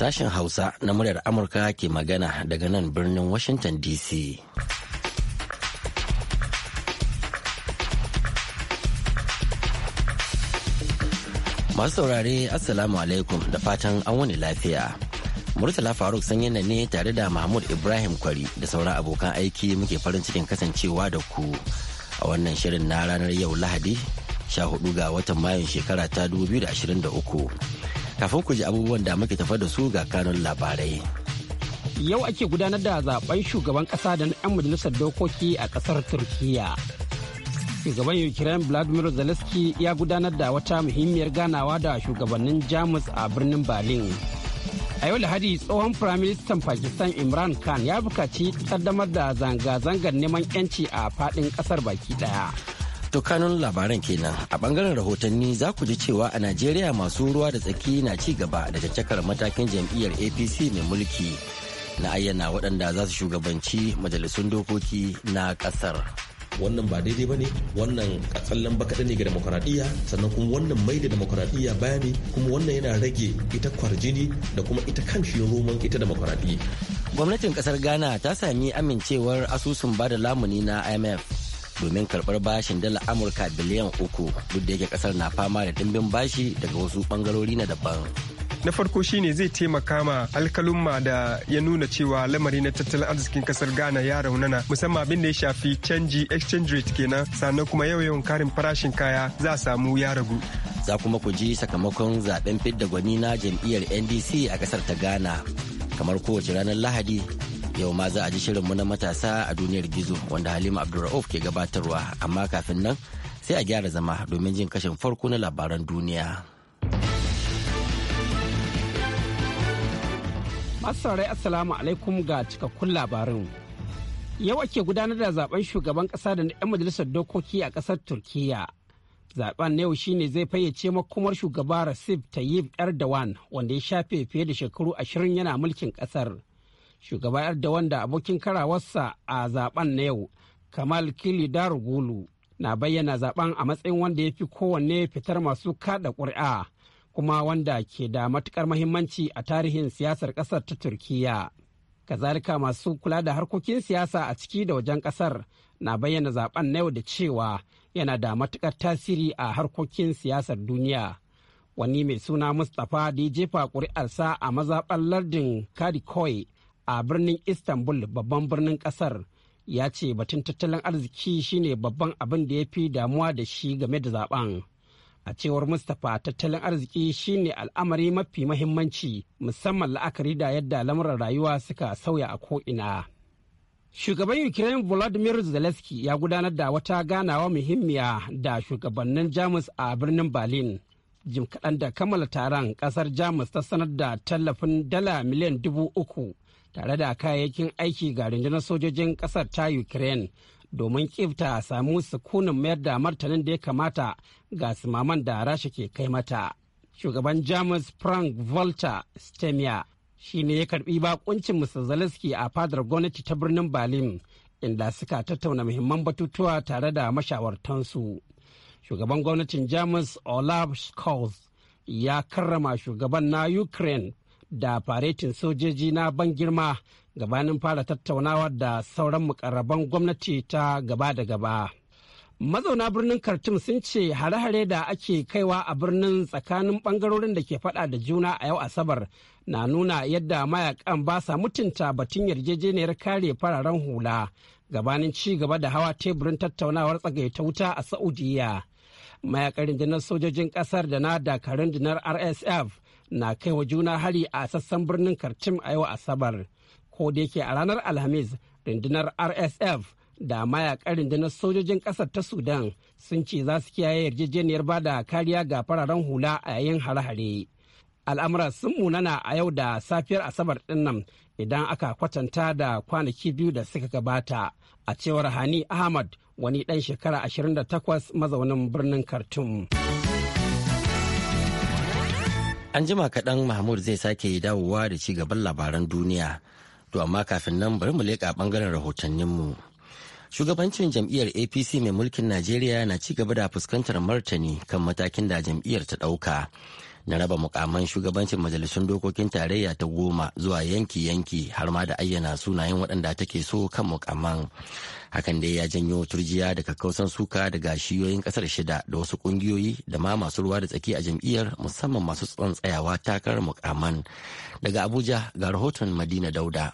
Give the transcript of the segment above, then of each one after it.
sashen Hausa na muryar Amurka ke magana daga nan birnin Washington DC. Masu saurare Assalamu alaikum da fatan an wani lafiya. Murtala Faruk yana ne tare da Mahmud Ibrahim Kwari da sauran abokan aiki muke farin cikin kasancewa da ku a wannan shirin na ranar yau Lahadi 14 ga watan Mayun shekara ta 2023. Kafin ku ji abubuwan da muke tafa da su ga kanun labarai. Yau ake gudanar da zaben shugaban kasa da na 'yan majalisar dokoki a kasar Turkiyya. Shugaban Ukraine Vladimir Zelensky ya gudanar da wata muhimmiyar ganawa da shugabannin Jamus a birnin Berlin. a yau lahadi tsohon firaministan pakistan imran khan ya bukaci kaddamar da zanga-zangar neman yanci a faɗin ƙasar baki ɗaya. To kanun labaran kenan a bangaren rahotanni za ku ji cewa a Najeriya masu ruwa da tsaki na ci gaba da caccakar matakin jam'iyyar APC mai mulki na ayyana waɗanda za su shugabanci majalisun dokoki na ƙasar. wannan ba daidai ba ne wannan katsallan baka ne ga demokuraɗiyya sannan kuma wannan mai da demokuraɗiyya baya ne kuma wannan yana rage ita kwarjini da kuma ita kan shi roman ita demokuraɗiyya gwamnatin kasar ghana ta sami amincewar asusun ba da lamuni na imf domin karɓar bashin dala amurka biliyan uku duk da yake kasar na fama da dimbin bashi daga wasu bangarori na daban na farko shine zai taimaka ma alkalumma da ya nuna cewa lamari na tattalin arzikin kasar ghana ya raunana musamman abin da ya shafi canji exchange rate kenan sannan kuma yawan karin farashin kaya za samu ya ragu za kuma ku ji sakamakon zaben fidda gwani na jam'iyyar ndc a kasar ta ghana kamar kowace ranar lahadi Yau ma za a ji shirinmu na matasa a duniyar gizo wanda Halima Abdulra'uf ke gabatarwa amma kafin nan sai a gyara zama domin jin kashin farko na labaran duniya. Masarai Assalamu alaikum ga cikakkun labarin. Yau ake gudanar da zaben shugaban kasa da 'yan majalisar dokoki a kasar turkiya Zaben na yau shine zai fayyace makomar shugaba Recep Tayyip Erdogan wanda ya shafe fiye da shekaru ashirin yana mulkin kasar. shugaban da da abokin karawarsa a zaben na yau kamal kili darugulu na bayyana zaben a matsayin wanda ya fi kowanne fitar masu kada ƙuri'a kuma wanda ke da matukar mahimmanci a tarihin siyasar ƙasar ta turkiya kazalika masu kula da harkokin siyasa a ciki da wajen ƙasar na bayyana zaben na yau da cewa yana da matukar tasiri a harkokin siyasar duniya wani mai suna mustapha da ya jefa ƙuri'arsa a mazaɓar lardin kadikoi a birnin istanbul babban birnin kasar ya ce batun tattalin arziki shine babban abin da ya fi damuwa da shi game da zaben a cewar mustapha tattalin arziki shine al'amari mafi mahimmanci musamman la'akari da yadda lamuran rayuwa suka sauya a ko'ina shugaban ukraine volodymyr zelensky ya gudanar da wata ganawa muhimmiya da shugabannin jamus a birnin berlin jim kaɗan da kammala taron ƙasar jamus ta sanar da tallafin dala miliyan dubu uku tare da kayayyakin aiki ga rundunar sojojin kasar ta ukraine domin kifta samu sukunin mayar da martanin da ya kamata ga sumaman da rasha ke kai mata shugaban jamus frank volta stemia shi ne ya karbi bakuncin mr zelensky a fadar gwamnati ta birnin berlin inda suka tattauna muhimman batutuwa tare da mashawartansu shugaban gwamnatin jamus olaf scholz ya karrama shugaban na ukraine da faretin sojoji na ban girma gabanin fara tattaunawar da sauran mukarraban gwamnati ta gaba da gaba. Mazauna birnin Khartoum sun ce hare-hare da ake kaiwa a birnin tsakanin bangarorin da ke fada da juna a yau Asabar na nuna yadda mayakan ba sa mutunta batun yarjejeniyar kare fararen hula gabanin ci gaba da hawa teburin tattaunawar tsagaita wuta a Saudiya. Mayakan rundunar sojojin kasar da na dakarun RSF na kai wa juna hari a sassan birnin Karcim a yau Asabar. Ko da yake a ranar Alhamis, rundunar RSF da mayakan rundunar sojojin ƙasar ta Sudan sun ce za su kiyaye yarjejeniyar ba da kariya ga fararen hula a yayin hare-hare. Al'amura sun munana a yau da safiyar Asabar ɗinnan idan aka kwatanta da kwanaki biyu da suka gabata a cewar Hani Ahmad wani ɗan shekara 28 mazaunin birnin Khartoum. An jima kaɗan Mahmud zai sake yi dawowa da ci gaban labaran duniya. To amma kafin nan bari mu leƙa ɓangaren rahotanninmu. Shugabancin jam'iyyar APC mai mulkin Najeriya na ci gaba da fuskantar martani kan matakin da jam'iyyar ta ɗauka. na raba mukaman shugabancin majalisun dokokin tarayya ta goma zuwa yanki-yanki har ma da ayyana sunayen waɗanda take so kan mukaman hakan dai ya janyo turjiya da kakkausan suka daga shiyoyin ƙasar shida da wasu ƙungiyoyi da ma masu ruwa da tsaki a jam'iyyar musamman masu tsoron tsayawa takarar mukaman daga abuja ga rahoton madina dauda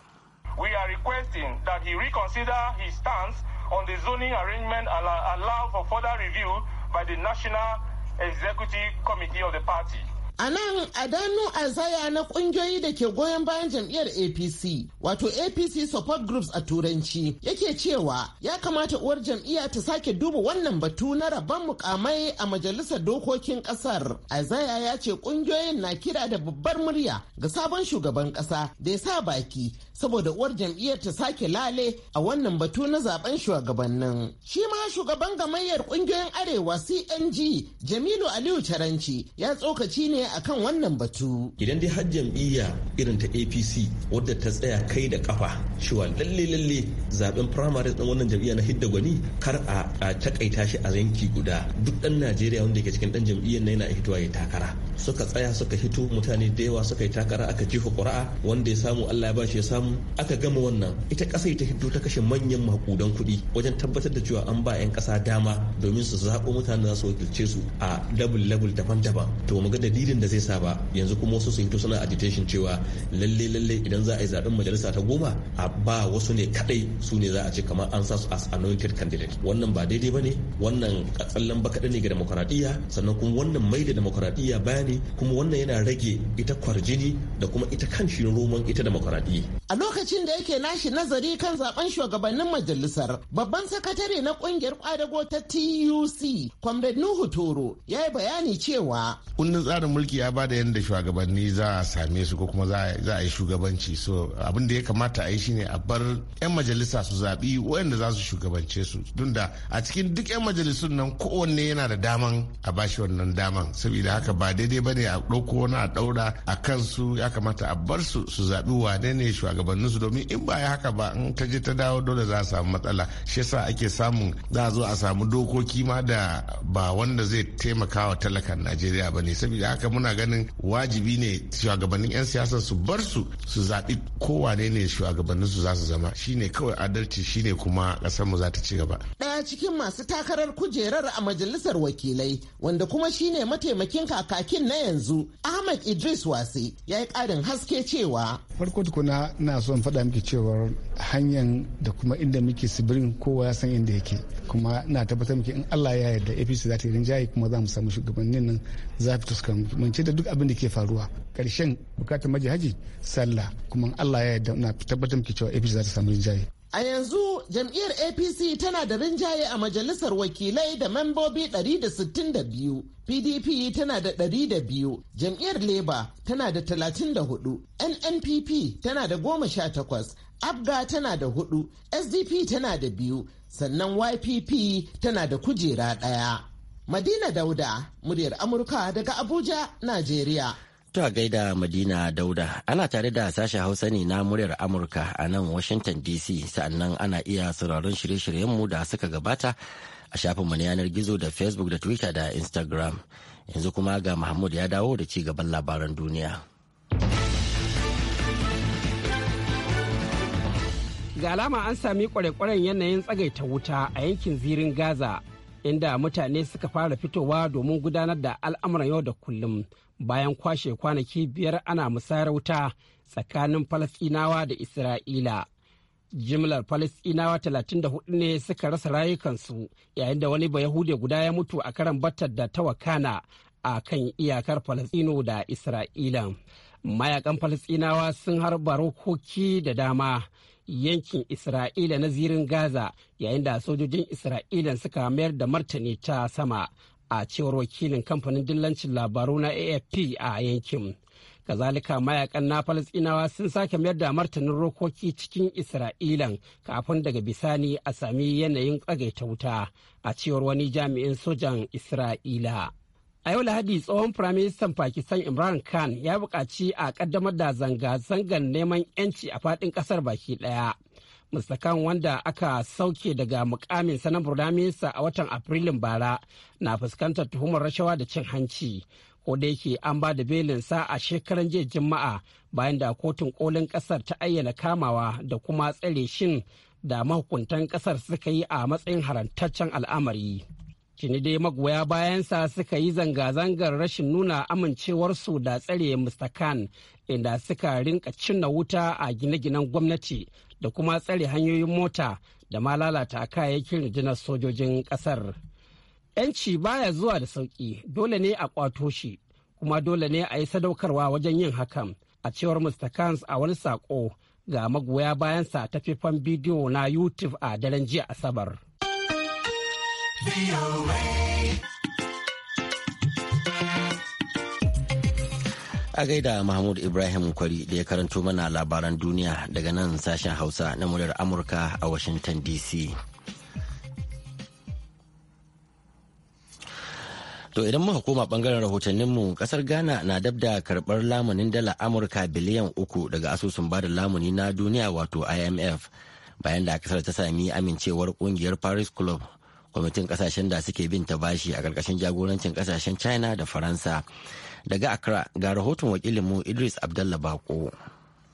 we are requesting that he reconsider his stance on the zoning arrangement and allow for further review by the national executive committee of the party. A nan Adanu Azaya na kungiyoyi da ke goyon bayan jam'iyyar APC, wato APC Support Groups a Turanci, yake cewa ya kamata uwar jam'iyya ta sake duba wannan batu na rabon mukamai a majalisar dokokin kasar. Azaya ya ce kungiyoyin na kira da babbar murya ga sabon shugaban kasa da ya sa baki saboda uwar jam'iyyar ta sake lale a wannan batu na zaben shugabannin. Shi ma shugaban gamayyar kungiyoyin Arewa CNG Jamilu Aliyu Taranci ya tsokaci ne akan wannan batu. Idan dai har jam'iyya irin ta APC wadda ta tsaya kai da kafa cewa lalle lalle zaben primary din wannan jam'iyya na hidda gwani kar a takaita shi a yanki guda duk dan Najeriya wanda ke cikin dan jam'iyyar na yana hitowa ya takara. Suka tsaya suka hito mutane da yawa suka yi takara aka jefa ƙuri'a wanda ya samu Allah ya ba shi ya samu samu aka gama wannan ita kasa ta fito ta kashe manyan makudan kuɗi wajen tabbatar da cewa an ba 'yan ƙasa dama domin su zaɓo mutane da su wakilce su a level level daban-daban to mu ga dalilin da zai sa ba yanzu kuma wasu su hito suna agitation cewa lalle lalle idan za a yi zaɓen majalisa ta goma a ba wasu ne kaɗai su ne za a ce kamar an sa su as anointed candidate wannan ba daidai ba ne wannan tsallan ba kaɗai ne ga demokuraɗiyya sannan kuma wannan mai da demokuraɗiyya bayani kuma wannan yana rage ita kwarjini da kuma ita kan shi roman ita demokuraɗiyya. lokacin da yake nashi nazari kan zaben shugabannin majalisar, babban sakatare na kungiyar kwadago ta TUC, Comrade Nuhu Toro, ya yi bayani cewa. Kundin tsarin mulki ya bada yadda shugabanni za a same su ko kuma za a yi shugabanci. So abin da ya kamata a yi shine a bar 'yan majalisa su zaɓi waɗanda za su shugabance su. don da a cikin duk 'yan majalisun nan kowanne yana da daman a bashi wannan daman. Saboda haka ba daidai bane a ɗauko na a ɗaura a kansu ya kamata a bar su su zaɓi wane ne shugaban shugabanninsu domin in ba ya haka ba in ta je ta dawo dole za a samu matsala shi yasa ake samun za a zo a samu dokoki ma da ba wanda zai taimaka wa talakan najeriya ba ne saboda haka muna ganin wajibi ne shugabannin 'yan siyasa su bar su su zaɓi kowane ne shugabannin su za su zama shine kawai adalci shine kuma ƙasar mu za ta ci gaba ɗaya cikin masu takarar kujerar a majalisar wakilai wanda kuma shine mataimakin kakakin na yanzu ahmad idris wasi ya yi ƙarin haske cewa farko tukuna na ina son faɗa miki cewar hanyar da kuma inda muke sibirin kowa ya san inda yake kuma na tabbatar miki in Allah ya yarda APC za ta yi rinjaye kuma za mu samu shugabannin nan za ta ce da duk abin da ke faruwa karshen bukatar maji haji sallah kuma Allah ya yarda na tabbatar miki cewa APC za ta samu rinjaye A yanzu jam'iyyar APC tana da rinjaye a majalisar wakilai da membobi 162, PDP tana da 102, jam'iyyar Labour tana da 34, NNPP tana da 18, abga tana da 4. sdp tana da 2. sannan ypp tana da kujera ɗaya madina dauda muryar amurka daga abuja najeriya To gaida Madina Dauda ana tare da sashen Hausa ne na muryar Amurka a nan Washington DC sannan ana iya sauraron shirye-shiryenmu da suka gabata a shafinmu na yanar gizo da Facebook da Twitter da Instagram. Yanzu kuma ga Mahmud ya dawo da ci gaban labaran duniya. Ga alama an sami kwarekwaren kwaren yanayin tsagaita wuta a yankin zirin Gaza inda mutane suka fara fitowa domin gudanar da al'amuran yau da kullum. bayan kwashe kwanaki biyar ana musayar wuta tsakanin Falasinawa da isra'ila jimlar falasɗinawa 34 ne suka rasa rayukansu yayin da wani bayahude guda ya mutu a karan batar da tawakana a kan iyakar Falasino da isra'ila mayakan Falasinawa sun harba rokoki da dama yankin isra'ila na zirin gaza yayin da sojojin isra'ila suka mayar da martani ta sama a cewar wakilin kamfanin dillancin labaru na afp a yankin kazalika mayakan na falasinawa sun sake mayar da martanin rokoki cikin isra'ilan kafin daga bisani a sami yanayin tsagaita wuta a cewar wani jami'in sojan isra'ila a yau lahadi tsohon firaministan pakistan imran khan ya buƙaci a ƙaddamar da zanga-zangar neman 'yanci a faɗin ƙasar baki ɗaya mustakan wanda aka sauke daga mukamin sanan burdaminsa a watan afrilun bara na fuskantar tuhumar rashawa da cin hanci ko da yake an ba da belinsa a shekaran jiya juma'a bayan da kotun kolin kasar ta ayyana kamawa da kuma tsare shin da mahukuntan kasar suka yi a matsayin harantaccen al'amari Tuni dai magoya bayansa suka yi zanga-zangar rashin nuna amincewarsu da tsare Mr. Khan inda suka rinka cinna wuta a gine-ginen gwamnati da kuma tsare hanyoyin mota da ma lalata kayayyakin rundunar sojojin ƙasar. 'Yanci baya zuwa da sauƙi dole ne a ƙwato shi kuma dole ne a yi sadaukarwa wajen yin hakan a cewar Mr. Khan a wani saƙo ga magoya bayansa ta faifan bidiyo na YouTube a daren jiya Asabar. A gaida Mahmud Ibrahim Kwari da ya karanto mana labaran duniya daga nan sashen Hausa na muryar Amurka a Washington DC. To idan muka koma bangaren rahotanninmu kasar Ghana na dab da karbar lamunin dala Amurka biliyan uku daga asusun bada lamuni na duniya wato IMF bayan da kasar ta sami amincewar kungiyar Paris Club kwamitin kasashen da suke bin ta bashi a ƙarƙashin jagorancin kasashen china da faransa daga accra ga rahoton wakilinmu idris abdallah bako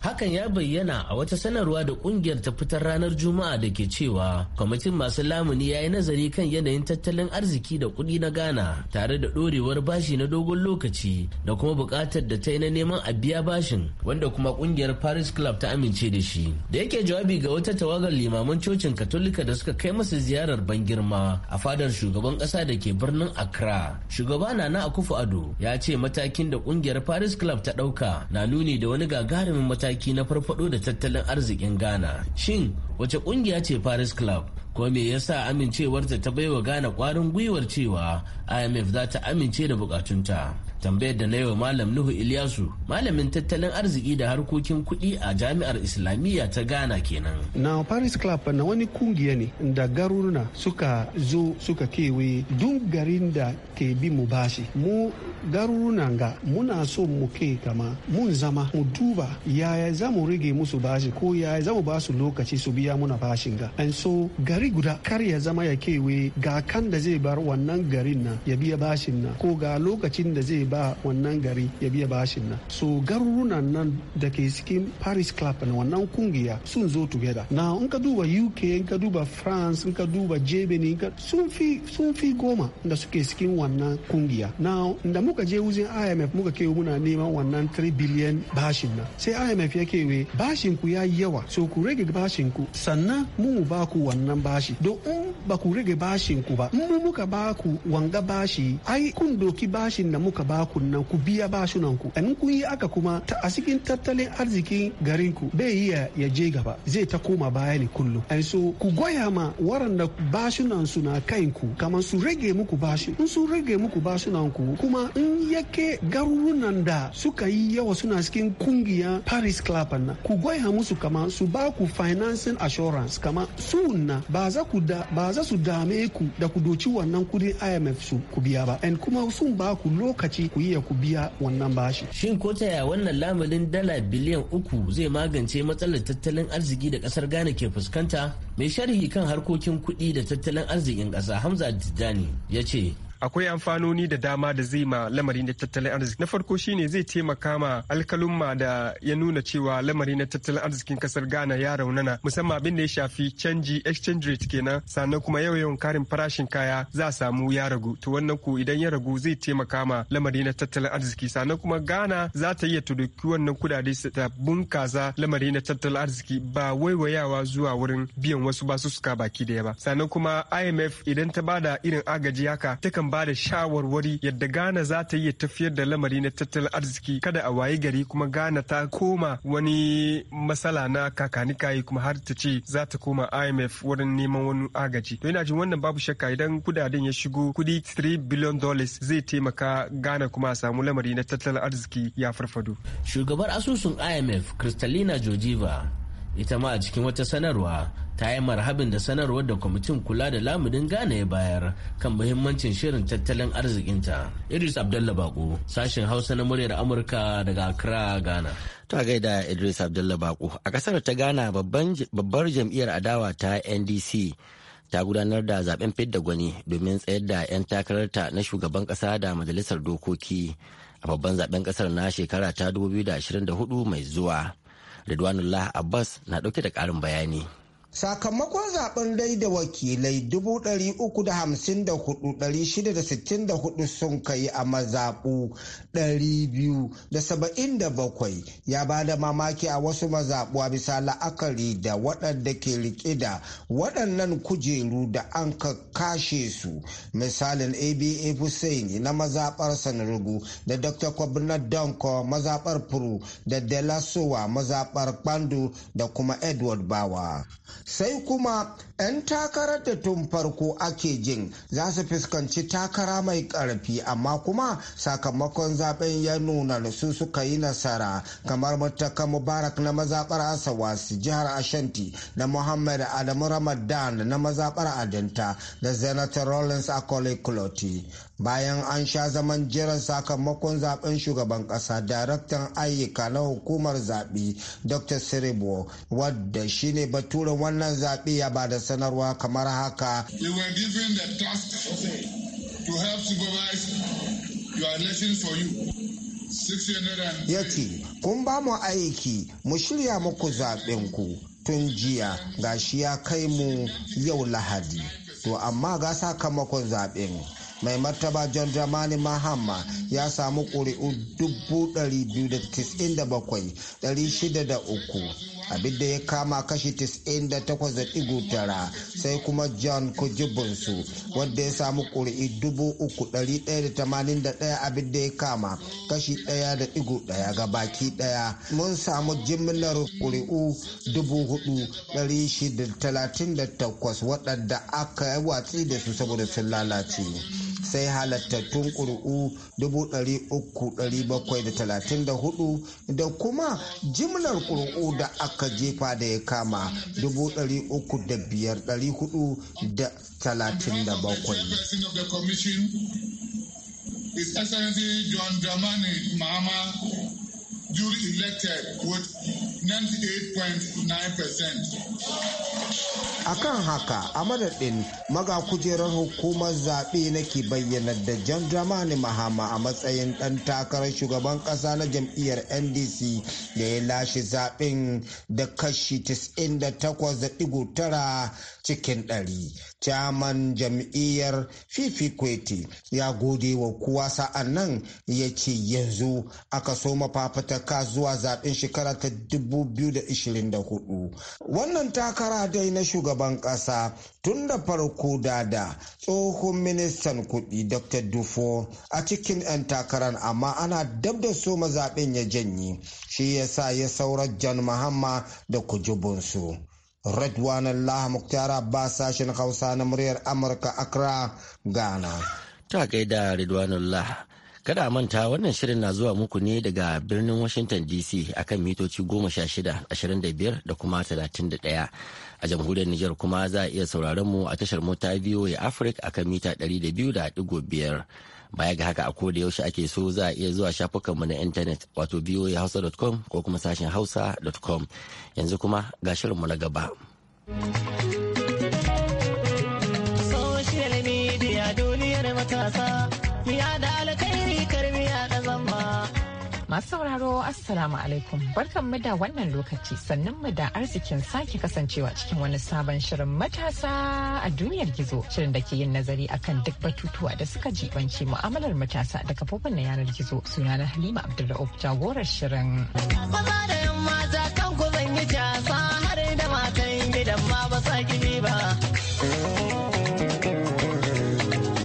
Hakan ya bayyana a wata sanarwa da kungiyar ta fitar ranar Juma'a da ke cewa kwamitin masu lamuni ya yi nazari kan yanayin tattalin arziki da kuɗi na Ghana tare da ɗorewar bashi na dogon lokaci da kuma buƙatar da ta yi na neman a biya bashin wanda kuma kungiyar Paris Club ta amince da shi. Da yake jawabi ga wata tawagar limaman cocin Katolika da suka kai masa ziyarar ban girma a fadar shugaban ƙasa da ke birnin Accra. Shugaba Nana akufo ado ya ce matakin da kungiyar Paris Club ta ɗauka na nuni da wani gagarumin mataki mataki na farfado da tattalin arzikin ghana shin wace kungiya ce paris club ko me yasa amincewarta ta baiwa ghana kwarin gwiwar cewa imf za ta amince da bukatunta tambayar da na wa malam nuhu ilyasu malamin tattalin arziki da harkokin kuɗi a jami'ar islamiyya ta ghana kenan na paris club na wani kungiya ne da garuruna suka zo suka kewaye duk garin da ke bi mu bashi mu garuruna ga muna so mu ke kama mun zama mu duba yaya za mu rage musu bashi ko yaya za mu basu lokaci su biya muna bashin ga and so gari guda kar ya zama ya kewaye ga kan da zai bar wannan garin na ya biya bashin na ko ga lokacin da zai ba wannan gari ya biya bashin nan so garurunan nan da ke cikin paris club na wannan kungiya sun zo together na in ka duba uk in ka duba france in ka duba germany sun fi sun fi goma da suke cikin wannan kungiya na da muka je wuzin imf muka ke muna neman wannan 3 billion bashin nan sai imf ya kewe bashin ku ya yawa so ku rage bashin ku sannan mu ba ku wannan bashi don in ba ku rage bashin ku ba mu muka ba ku wanga bashi ai kun doki bashin da muka ba kunnan nan ku biya bashunan ku an kun yi aka kuma a cikin tattalin arzikin garin ku bai yi ya je gaba zai ta koma baya ne kullum an so ku goya ma waranda bashunan su na kain ku kamar su rage muku bashi in sun rage muku bashunan ku kuma in yake garurunan da suka yi yawa suna cikin kungiya Paris Club na ku goya musu kama su ba ku financing assurance kama su na ba za ku da ba za su dame ku da ku doci wannan kudin IMF su ku biya ba and kuma sun ba ku lokaci ku iya ku biya wannan bashi. Shin ko ta yaya wannan lamarin dala biliyan uku zai magance matsalar tattalin arziki da kasar Ghana ke fuskanta? Mai sharhi kan harkokin kuɗi da tattalin arzikin ƙasa Hamza Dijani ya ce akwai amfanoni da dama da zai ma lamari na tattalin arziki na farko shine zai taimaka ma alkalumma da ya nuna cewa lamari na tattalin arzikin kasar ghana ya raunana musamman abin da ya shafi canji exchange rate kenan sannan kuma yau yawan karin farashin kaya za a samu ya ragu to wannan ko idan ya ragu zai taimaka ma lamari na tattalin arziki sannan kuma ghana za ta iya tuduki wannan kudade ta bunkasa lamari na tattalin arziki ba waiwayawa zuwa wurin biyan wasu basussuka baki daya ba sannan kuma imf idan ta bada irin agaji haka takan ba da shawarwari yadda Ghana za ta iya tafiyar da lamari na tattalin arziki kada a wayi gari kuma Ghana ta koma wani matsala na kakanikayi kuma har ta ce za ta koma IMF wurin neman wani agaji. To ina jin wannan babu shakka idan kudaden ya shigo kudi 3 billion dollars zai taimaka Ghana kuma a samu lamari na tattalin arziki ya farfado. Shugabar asusun IMF Kristalina Georgieva ita ma a cikin wata sanarwa ta yi marhabin da sanarwar da kwamitin kula da lamudin gane ya bayar kan muhimmancin shirin tattalin arzikinta idris abdullahi bako sashen hausa na muryar amurka daga accra ghana ta gaida idris abdullahi bako a kasar ta ghana babbar jam'iyyar adawa ta ndc ta gudanar da zaben fidda gwani domin tsayar da 'yan takararta na shugaban kasa da majalisar dokoki a babban zaben kasar na shekara ta 2024 mai zuwa Ridwanullah Abbas na ɗauke da ƙarin bayani. Sakamakon zaben rai da wakilai 354,664 sun kai a mazaɓu 277 ya ba da mamaki a wasu mazaɓu a bisa la'akari da waɗanda ke rike da waɗannan kujeru da an ka kashe su. Misalin ABA Hussein na mazaɓar Sanarugu da Dr. Kwabna Donko mazaɓar Furu da Delasowa mazaɓar Kpando da kuma Edward Bawa. sai kuma 'yan takarar da tun farko ake jin za su fuskanci takara mai karfi amma kuma sakamakon zaben ya nuna su suka yi nasara kamar mutaka mubarak na mazaɓar asawasi jihar ashanti da muhammad adamu ramadan na mazaɓar adinta da senator rollins akole kuloti bayan an sha zaman jiran sakamakon zaben shugaban ƙasa daraktan ayyuka na hukumar zaɓe dr siribo wadda shine baturen wannan zaɓe ya ba da sanarwa kamar haka. ya ce kun ba mu aiki mu shirya muku ku tun jiya ga shi ya kai mu yau lahadi to amma ga sakamakon zaɓen mai martaba john dramani mahama ya samu ƙuri'u 297,603 abin da ya kama kashi 98.9 sai kuma john kujibinsu wanda ya samu ƙuri'i abin da ya kama kashi 1.1 ga baki daya mun samu jimlar ƙuri'u 4,638 waɗanda aka yi watsi da su saboda sun lalace sai halattattun ƙuri'u 334 da kuma jimlar ƙuri'u da aka jefa da ya kama 305,437. His Excellency John Dramani Mahama duly elected with 98.9%. A kan haka a madadin maga kujerar hukumar zaɓe nake bayyana da John Dramani Mahama a matsayin ɗan takarar shugaban ƙasa na jam'iyyar NDC da ya lashe zaɓen da kashi 98.9 cikin ɗari. Chairman jam'iyyar Fifikweti ya gode wa kowa sa'an nan ya ce yanzu aka so mafafataka zuwa zaɓen shekara ta 2024. Wannan takara dai na shugaban ƙasa tun da farko dada tsohon ministan kuɗi Dr. Dufo a cikin 'yan takarar amma ana dab da so mazaɓen ya janye shi ya sa ya saurar Jan Mahamma da kujibunsu Radwan Allah Muktar Abbas sashen Hausa na muryar Amurka Accra, Ghana. Ta gaida Ridwanullah. Kada manta wannan shirin na zuwa muku ne daga birnin Washington DC akan mitoci 16, 25 da kuma 31. a jamhuriyar Nijar kuma za a iya sauraron mu a tashar mota Afirka a akan mita 200.5 baya ga haka a koda yaushe ake so za a iya zuwa shafukanmu na intanet wato voahausa.com ko kuma sashen hausa.com yanzu kuma ga shirinmu na gaba. Social media duniyar matasa, Masu sauraro Assalamu alaikum barkan mu da wannan lokaci sannan mu da arzikin sake kasancewa cikin wani sabon shirin matasa a duniyar gizo shirin da ke yin nazari akan duk batutuwa da suka jibanci mu'amalar matasa da kafofin na yanar gizo suna na Halima Abdulra'uf jagorar shirin. Maza da kan ku zan yi har da matan gidan ma ba sa ba.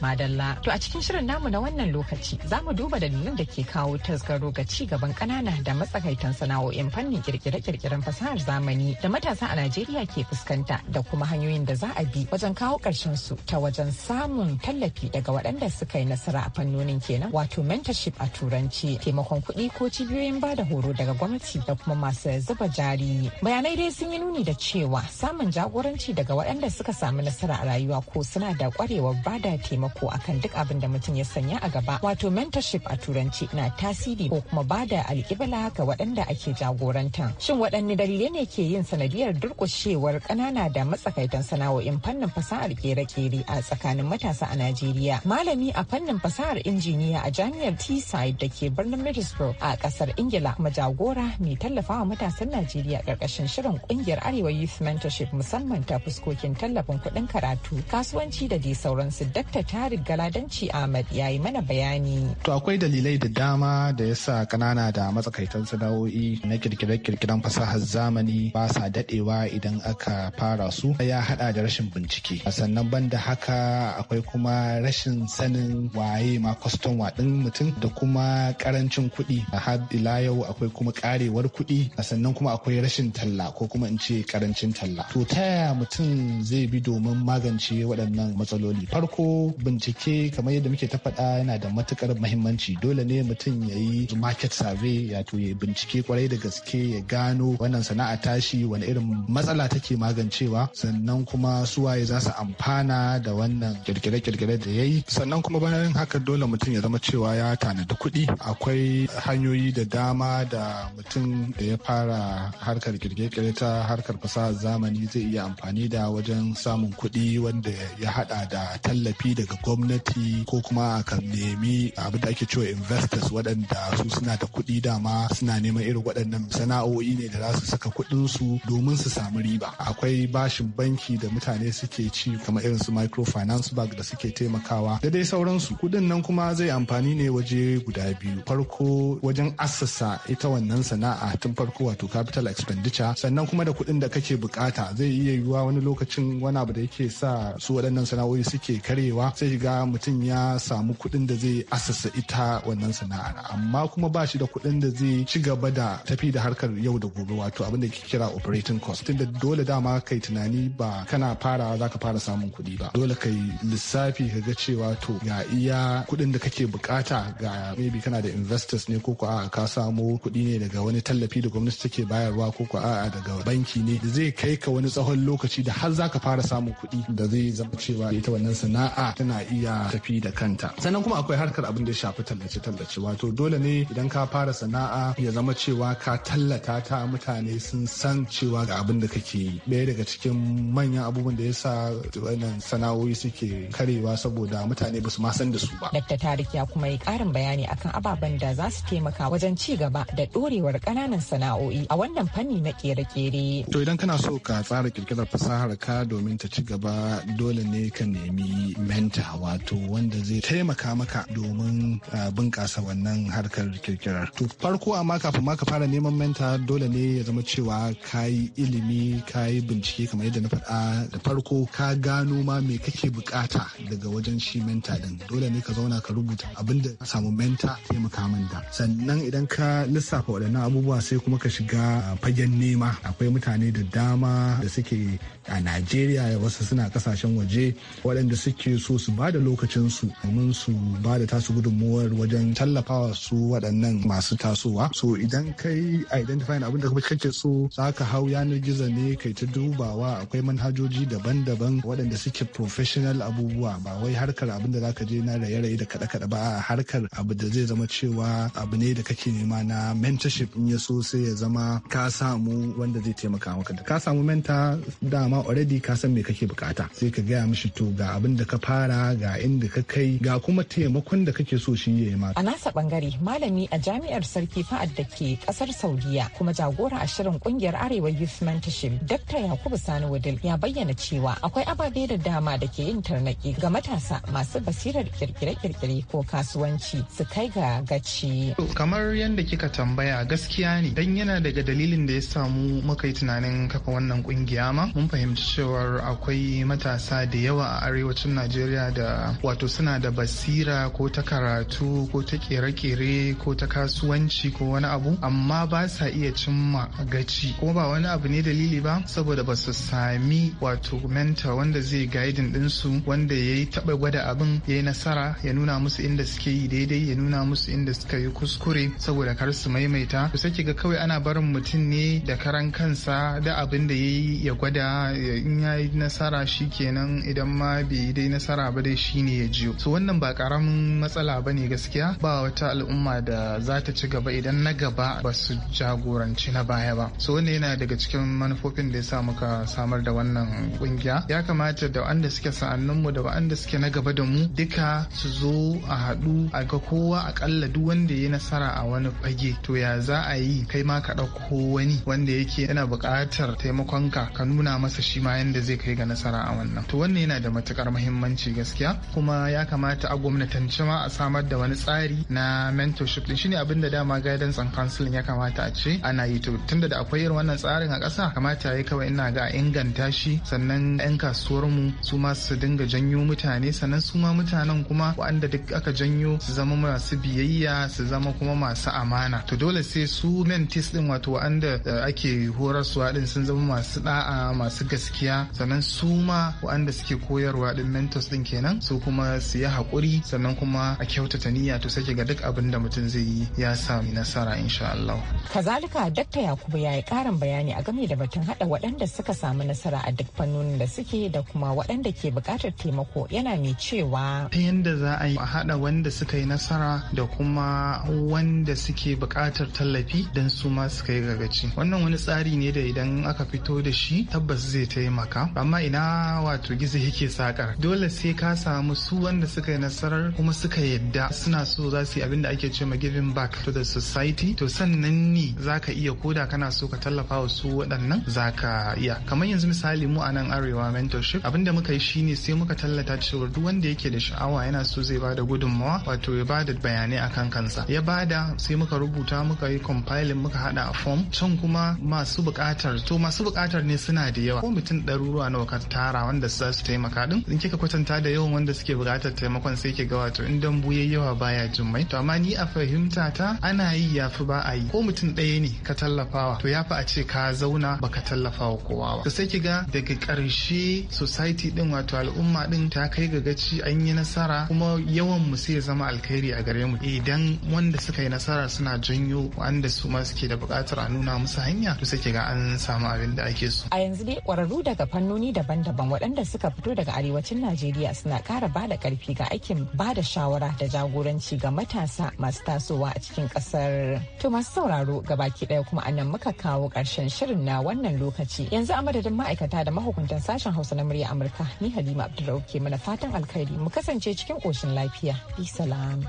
madalla. To a cikin shirin namu na wannan lokaci za mu duba dalilan da ke kawo tasgaro ga ci gaban ƙanana da matsakaitan sana'o'in fannin kirkire-kirkiren fasahar zamani da matasa a Najeriya ke fuskanta da kuma hanyoyin da za a bi wajen kawo ƙarshen su ta wajen samun tallafi daga waɗanda suka yi nasara a fannonin kenan wato mentorship a turanci taimakon kuɗi ko cibiyoyin ba da horo daga gwamnati da kuma masu zuba jari. Bayanai dai sun yi nuni da cewa samun jagoranci daga waɗanda suka samu nasara a rayuwa ko suna da ƙwarewar bada taimako ko akan duk abin da mutum ya sanya a gaba wato mentorship a turanci na tasiri ko kuma bada alƙibla ga waɗanda ake jagoranta shin waɗanne dalilai ne ke yin sanadiyar durƙushewar ƙanana da matsakaitan sana'o'in fannin fasahar ƙere-ƙere a tsakanin matasa a Najeriya malami a fannin fasahar injiniya a jami'ar Teesside da ke birnin Middlesbrough a ƙasar Ingila kuma jagora mai tallafawa matasan Najeriya ƙarƙashin shirin ƙungiyar Arewa Youth Mentorship musamman ta fuskokin tallafin kuɗin karatu kasuwanci da dai sauransu dakta ta Tarik Galadanci Ahmad ya yi mana bayani. To akwai dalilai da dama da ya sa ƙanana da matsakaitan sana'o'i na kirkire-kirkiren fasahar zamani ba sa daɗewa idan aka fara su ya haɗa da rashin bincike. Sannan banda haka akwai kuma rashin sanin waye ma kwaston ɗin mutum da kuma ƙarancin kuɗi. Har ila yau akwai kuma ƙarewar kuɗi sannan kuma akwai rashin talla ko kuma in ce ƙarancin talla. To ta yaya mutum zai bi domin magance waɗannan matsaloli? Farko bincike kamar yadda muke ta faɗa yana da matukar muhimmanci dole ne mutum ya yi market survey ya to ya bincike kwarai da gaske ya gano wannan sana'a tashi wani irin matsala take magancewa sannan kuma suwaye za su amfana da wannan kirkire-kirkire da ya yi sannan kuma bayan haka dole mutum ya zama cewa ya tanadi kuɗi akwai hanyoyi da dama da mutum da ya fara harkar kirkire ta harkar fasahar zamani zai iya amfani da wajen samun kuɗi wanda ya haɗa da tallafi daga gwamnati ko kuma a nemi abin da ake cewa investors waɗanda su suna da kuɗi dama suna neman irin waɗannan sana'o'i ne da za su saka kuɗin su domin su samu riba akwai bashin banki da mutane suke ci kamar irin su microfinance bank da suke taimakawa da dai sauransu kuɗin nan kuma zai amfani ne waje guda biyu farko wajen assasa ita wannan sana'a tun farko wato capital expenditure sannan kuma da kuɗin da kake bukata zai iya yiwuwa wani lokacin wani abu da yake sa su waɗannan sana'o'i suke karewa sai riga mutum ya samu kuɗin da zai asasa ita wannan sana'ar amma kuma ba shi da kuɗin da zai ci gaba da tafi da harkar yau da gobe wato abin da ke kira operating cost tunda dole dama kai tunani ba kana fara za ka fara samun kuɗi ba dole kai lissafi ka ga cewa to ga iya kuɗin da kake bukata ga maybe kana da investors ne ko a'a ka samo kuɗi ne daga wani tallafi da gwamnati take bayarwa ko ko a'a daga banki ne da zai kai ka wani tsawon lokaci da har za ka fara samun kuɗi da zai zama cewa ita wannan sana'a tana iya tafi da kanta sannan kuma akwai harkar abin da ya shafi tallace tallace wato dole ne idan ka fara sana'a ya zama cewa ka tallata ta mutane sun san cewa ga abin da kake yi ɗaya daga cikin manyan abubuwan da ya sa wannan sana'o'i suke karewa saboda mutane basu su ma san da su ba dakta tarik ya kuma yi karin bayani akan ababen da za su taimaka wajen ci gaba da dorewar kananan sana'o'i a wannan fanni na kere-kere to idan kana so ka tsara kirkirar fasahar ka domin ta ci gaba dole ne ka nemi menta wato wanda zai taimaka maka domin ah, bunƙasa wannan harkar kirkirar to farko amma kafin ma ka fara neman menta dole ne ya zama cewa ka yi ilimi ka yi bincike kamar yadda na faɗa da farko ka gano ma me kake bukata daga wajen shi menta din dole ne ka zauna ka rubuta abinda da samu menta taimaka manta sannan idan ka lissafa waɗannan abubuwa sai kuma ka shiga ah, fagen nema akwai mutane da dama da suke a najeriya wasu suna kasashen waje waɗanda suke so su ba da lokacinsu domin su ba da tasu gudunmuwar wajen tallafawa su waɗannan masu tasowa so idan kai identifying abin da kuma kake so za ka hau yanar gizo ne kai ta dubawa akwai manhajoji daban-daban waɗanda suke professional abubuwa ba wai harkar abin da zaka je na raye-raye da kaɗa-kaɗa ba harkar abu da zai zama cewa abu ne da kake nema na mentorship in ya so sai ya zama ka samu wanda zai taimaka maka da ka samu menta dama already ka san me kake bukata sai ka gaya mishi to ga abin da ka fara ga inda ka kai ga kuma taimakon da kake so shi ya yi ma. A nasa bangare malami a jami'ar sarki fa'ad da ke kasar Saudiya kuma jagora a shirin kungiyar Arewa Youth Mentorship Dr. Yakubu Sani Wadil ya bayyana cewa akwai ababe da dama da ke yin tarnaki ga matasa masu basirar kirkire-kirkire ko kasuwanci su kai ga gaci. Kamar yadda kika tambaya gaskiya ne dan yana daga dalilin da ya samu muka yi tunanin kafa wannan kungiya ma mun fahimci cewar akwai matasa da yawa a arewacin Najeriya da wato suna da basira ko ta karatu ko ta kere-kere ko ta kasuwanci ko wani abu amma ba sa iya cimma gaci kuma ba wani abu ne dalili ba saboda ba su sami wato mentor wanda zai guiding ɗinsu wanda ya yi taɓa gwada abin ya yi nasara ya nuna musu inda suke yi daidai ya nuna musu inda suka yi kuskure saboda kar su maimaita ku sake ga kawai ana barin mutum ne da karan kansa da abin da ya yi ya gwada in ya yi nasara shi kenan idan ma bai yi dai nasara ba dai shine ya jiyo so wannan ba karamin matsala ba ne gaskiya ba wata al'umma da za ta ci gaba idan na gaba ba su jagoranci na baya ba so wannan yana daga cikin manufofin da ya sa muka samar da wannan kungiya ya kamata da wanda suke sa'annin mu da wanda suke na gaba da mu duka su zo a haɗu a ga kowa akalla duk wanda ya nasara a wani fage to ya za a yi kai ma ka ɗauko wani wanda yake yana buƙatar taimakonka ka nuna masa shi ma yanda zai kai ga nasara a wannan to wannan yana da matukar muhimmanci gaskiya gaskiya kuma ya kamata a gwamnatance ma a samar da wani tsari na mentorship din shine abin da dama guidance and counseling ya kamata a ce ana yi to tunda da akwai irin wannan tsarin a ƙasa kamata yayi kawai ina ga a inganta shi sannan 'yan kasuwar mu su ma su dinga janyo mutane sannan su ma mutanen kuma waɗanda duk aka janyo su zama masu biyayya su zama kuma masu amana to dole sai su mentis din wato waɗanda eh, ake horaswa din sun zama masu da'a masu gaskiya sannan su ma waɗanda suke koyarwa din mentors din kenan kenan su kuma su yi haƙuri sannan kuma a kyautata niyya to sake ga duk abin da mutum zai yi ya sami nasara insha Allah. Kazalika Dakta Yakubu ya yi ƙarin bayani a game da batun haɗa waɗanda suka samu nasara a duk fannonin da suke da kuma waɗanda ke buƙatar taimako yana mai cewa. Ta yadda za a yi a haɗa wanda suka yi nasara da kuma wanda suke buƙatar tallafi don su ma suka yi gagaci. Wannan wani tsari ne da idan aka fito da shi tabbas zai taimaka amma ina wato gizo yake sakar dole sai ka samu su wanda suka yi nasarar kuma suka yadda suna so za su yi abin da ake cewa giving back to the society to sannan ne za ka iya koda kana so ka tallafa wa su waɗannan za ka iya kamar yanzu misali mu a nan arewa mentorship abin da muka yi shi ne sai muka tallata cewa duk wanda yake da sha'awa yana so zai ba da gudummawa wato ya bada bayanai akan kansa ya bada sai muka rubuta muka yi compiling muka hada a form can kuma masu bukatar to masu bukatar ne suna da yawa ko mutum ɗaruruwa nawa ka tara wanda za su taimaka din in kika kwatanta da yau. yawan wanda suke buƙatar taimakon sai ki ga wato in dambu yayi yawa baya jin to amma ni a fahimta ta ana yi yafi ba a yi ko mutum ɗaya ne ka tallafawa to yafi a ce ka zauna baka tallafawa kowa ba to sai ki ga daga ƙarshe society din wato al'umma din ta kai ga gaci an yi nasara kuma yawan mu sai zama alkhairi a gare mu idan wanda suka yi nasara suna janyo wanda su ma suke da buƙatar a nuna musu hanya to sai ki ga an samu abin da ake so a yanzu dai ƙwararru daga fannoni daban-daban waɗanda suka fito daga arewacin Najeriya suna na kara bada karfi ga aikin bada shawara da jagoranci ga matasa masu tasowa a cikin kasar. To masu sauraro gabaki daya kuma a nan muka kawo karshen shirin na wannan lokaci. Yanzu a madadin ma'aikata da mahukuntan sashen Hausa na murya Amurka ni Halima Abdullahi ke mana fatan alkhairi mu kasance cikin koshin lafiya. Bi salam.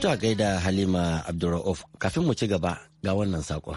Ta gaida Halima Abdullahi kafin mu ci gaba ga wannan sakon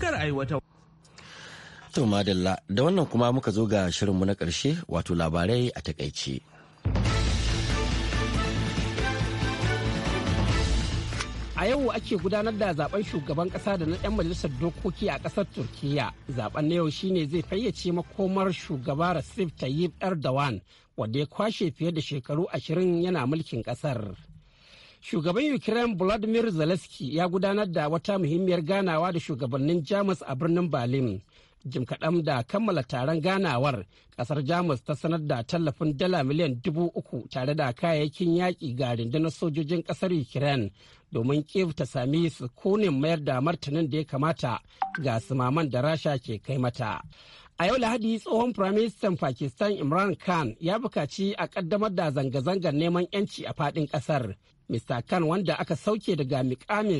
kar aiwatar. To madalla da wannan kuma muka zo ga shirinmu na ƙarshe wato labarai a takaice. A yau ake gudanar da zaben shugaban kasa da na 'yan majalisar dokoki a ƙasar Turkiyya. Zaben na yau shine zai fayyace makomar shugaba Recep Tayyip Erdogan wanda ya kwashe fiye da shekaru ashirin yana mulkin ƙasar. shugaban ukraine vladimir zelensky ya gudanar da wata muhimmiyar ganawa da shugabannin jamus a birnin berlin jim kaɗan da kammala taron ganawar ƙasar jamus ta sanar da tallafin dala miliyan dubu uku tare da kayayyakin yaƙi ga rundunar sojojin ƙasar ukraine domin kiev ta sami kone mayar da martanin da ya kamata ga sumaman da rasha ke kai mata A yau Lahadi tsohon Firaministan Pakistan Imran Khan ya bukaci a kaddamar da zanga-zangar neman 'yanci a fadin kasar. Mr. Khan wanda aka sauke daga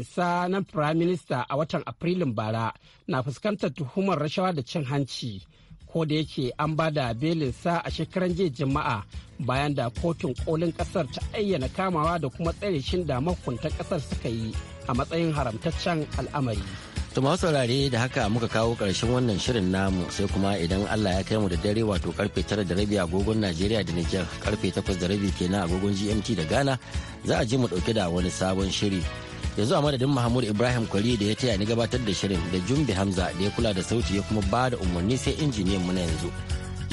sa na Firaminista a watan Afrilun bara na fuskantar tuhumar rashawa da cin hanci. Ko da yake an ba da belinsa a shekaran jiya Juma'a bayan da kotun kolin kasar ta ayyana kamawa da kuma tsare shin da mahukuntan kasar suka yi a matsayin haramtaccen al'amari. To masu saurare da haka muka kawo ƙarshen wannan shirin namu sai kuma idan Allah ya kai mu da dare wato karfe tara da rabi agogon Najeriya da Nijar karfe takwas da rabi kenan agogon GMT da Ghana za a ji mu ɗauke da wani sabon shiri. Yanzu a madadin Mahmud Ibrahim Kwari da ya taya ni gabatar da shirin da Jumbi Hamza da ya kula da sauti ya kuma ba da umarni sai injiniyan mu na yanzu.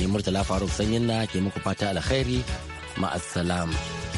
Ni Murtala Faruk Sanyin na ke muku fata alkhairi ma'assalam.